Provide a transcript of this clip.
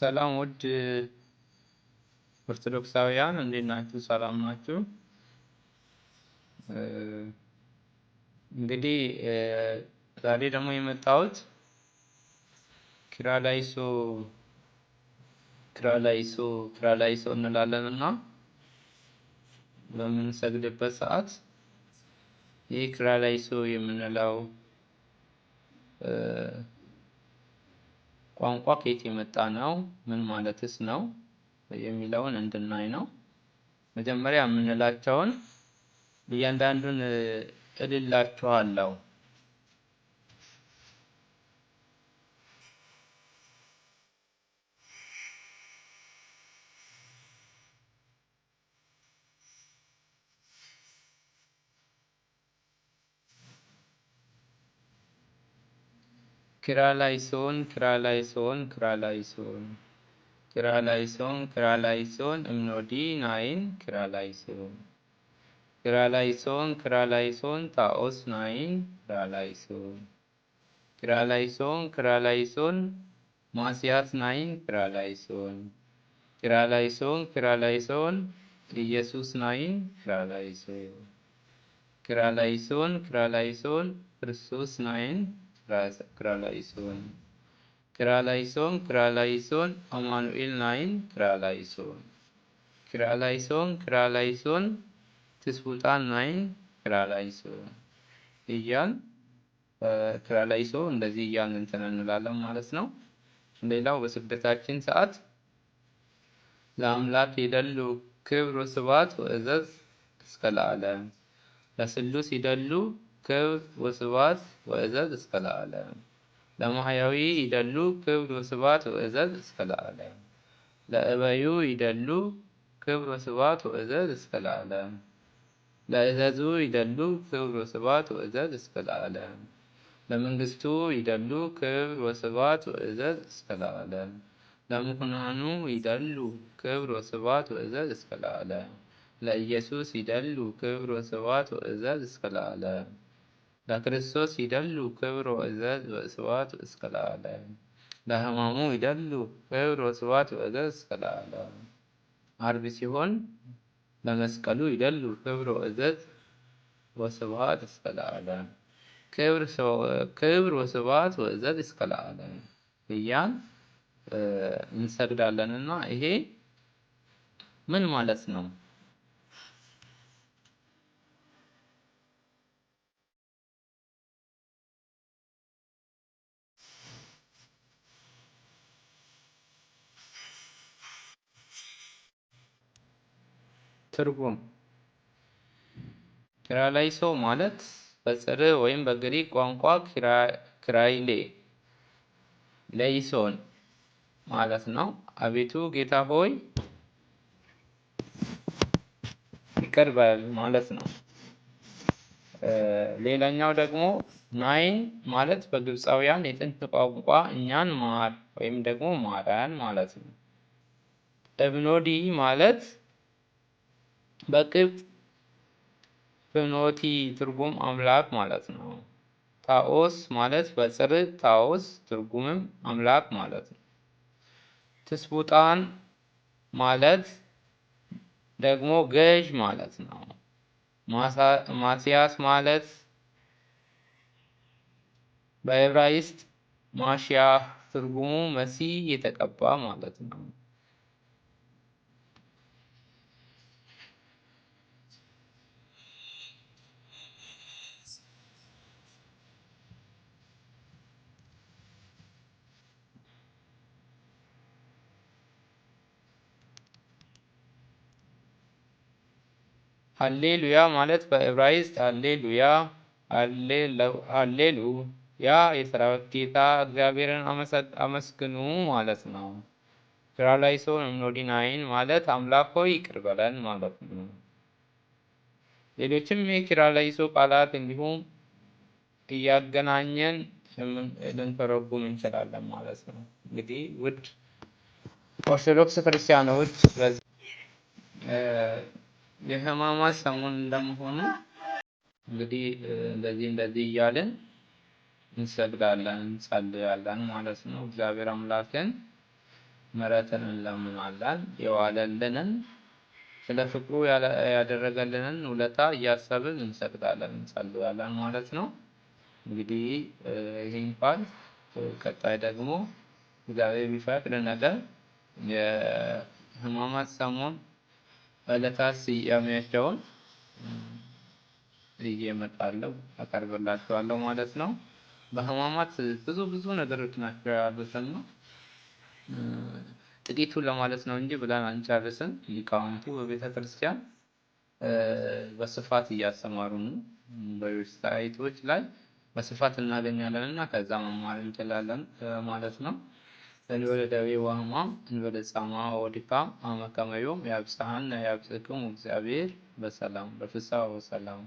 ሰላም ውድ ኦርቶዶክሳውያን እንዴት ናችሁ? ሰላም ናችሁ? እንግዲህ ዛሬ ደግሞ የመጣሁት ኪራላይሶ ኪራላይሶ ኪራላይሶ እንላለን እና በምንሰግድበት ሰዓት ይህ ኪራላይሶ የምንለው ቋንቋ ከየት የመጣ ነው? ምን ማለትስ ነው? የሚለውን እንድናይ ነው። መጀመሪያ የምንላቸውን እያንዳንዱን እልላችኋለሁ ክራ ላይ ክራላይሶን ክራላይሶን ክራላይሶን ክራላይሶን ክራላይሶን እምኖዲ ናይን ክራላይሶን ክራላይሶን ክራላይሶን ታኦስ ናይን ክራላይሶን ክራላይሶን ክራላይሶን ማስያት ናይን ክራላይሶን ክራላይሶን ክራላይሶን ኢየሱስ ናይን ክራላይሶን ክራላይሶን ክራላይሶን ክርስቶስ ናይን ክራላይሶን ክራላይሶን ክራላይሶን አማኑኤል ናይን ክራላይሶን ክራላይሶን ክራላይሶን ትስቡጣን ናይን ክራላይሶን እያል ክራላይሶ እንደዚህ እያልን እንትን እንላለን ማለት ነው። ሌላው በስግደታችን ሰዓት ለአምላክ ይደሉ ክብር ስብሐት ወእዘዝ እስከ ለዓለም ለስሉስ ይደሉ كبر وثبات وإزداد اسفل العالم لم حيوي يدلو كبر وثبات وإزداد اسفل العالم لأبيو يدلو كبر وثبات وإزداد اسفل العالم لإزداد يدلو كبر وثبات وإزداد اسفل ለመንግስቱ ይደሉ ክብር ወስብሐት ወእዘዝ እስከ ለዓለም። ለምኩናኑ ይደሉ ክብር ወስብሐት ወእዘዝ እስከ ለዓለም። ለኢየሱስ ይደሉ ክብር ወስብሐት ወእዘዝ እስከ ለዓለም። ለክርስቶስ ይደሉ ክብር ወእዘዝ ወስዋት እስከ ለዓለም። ለሕማሙ ይደሉ ክብር ወስዋት ወእዘዝ እስከ ለዓለም። ዓርብ ሲሆን ለመስቀሉ ይደሉ ክብር ወእዘዝ ወስዋት እስከ ለዓለም። ክብር ወስዋት ወእዘዝ እስከ ለዓለም እያን እንሰግዳለንና ይሄ ምን ማለት ነው? ትርጉም ኪራላይሶ ማለት በጽር ወይም በግሪክ ቋንቋ ኪራይሌ ለይሶን ማለት ነው። አቤቱ ጌታ ሆይ ይቀርባል ማለት ነው። ሌላኛው ደግሞ ናይን ማለት በግብፃውያን የጥንት ቋንቋ እኛን ማር ወይም ደግሞ ማራን ማለት ነው። እብኖዲ ማለት በቅብ ፍኖቲ ትርጉም አምላክ ማለት ነው። ታኦስ ማለት በጽር ታኦስ ትርጉምም አምላክ ማለት ነው። ትስቡጣን ማለት ደግሞ ገዥ ማለት ነው። ማሲያስ ማለት በዕብራይስጥ ማሽያ ትርጉሙ መሲ የተቀባ ማለት ነው። አሌሉያ ማለት በዕብራይስጥ አሌሉያ አሌሉያ የሰራዊት ጌታ እግዚአብሔርን አመስግኑ ማለት ነው። ፕራላይሶ ኖዲናይን ማለት አምላክ ሆይ ይቅር በለን ማለት ነው። ሌሎችም የኪራላይሶ ቃላት እንዲሁም እያገናኘን ልንተረጉም እንችላለን ማለት ነው። እንግዲህ ውድ ኦርቶዶክስ ክርስቲያኖች የህማማት ሰሞን እንደመሆኑ እንግዲህ እንደዚህ እንደዚህ እያልን እንሰግዳለን፣ እንጸልያለን ማለት ነው። እግዚአብሔር አምላክን ምሕረትን እንለምናለን። የዋለልንን ስለ ፍቅሩ ያደረገልንን ውለታ እያሰብን እንሰግዳለን፣ እንጸልያለን ማለት ነው። እንግዲህ ይህን ፓርት ቀጣይ ደግሞ እግዚአብሔር ቢፈቅድ ነገ የህማማት ሰሞን በዕለታት ስያሜያቸውን ይዤ እመጣለሁ አቀርብላችኋለሁ ማለት ነው። በህማማት ብዙ ብዙ ነገሮች ናቸው ያሉትን ነው ጥቂቱ ለማለት ነው እንጂ ብለን አንጨርስም። ሊቃውንቱ በቤተ ክርስቲያን በስፋት እያሰማሩ ነው። በዌብሳይቶች ላይ በስፋት እናገኛለን እና ከዛ መማር እንችላለን ማለት ነው። እንበለ ደዌ ወሕማም እንበለ ጻማ ወድካም አመ ከመ ዮም ያብጽሐነ ያብጽሕክሙ እግዚአብሔር በሰላም በፍስሐ ወሰላም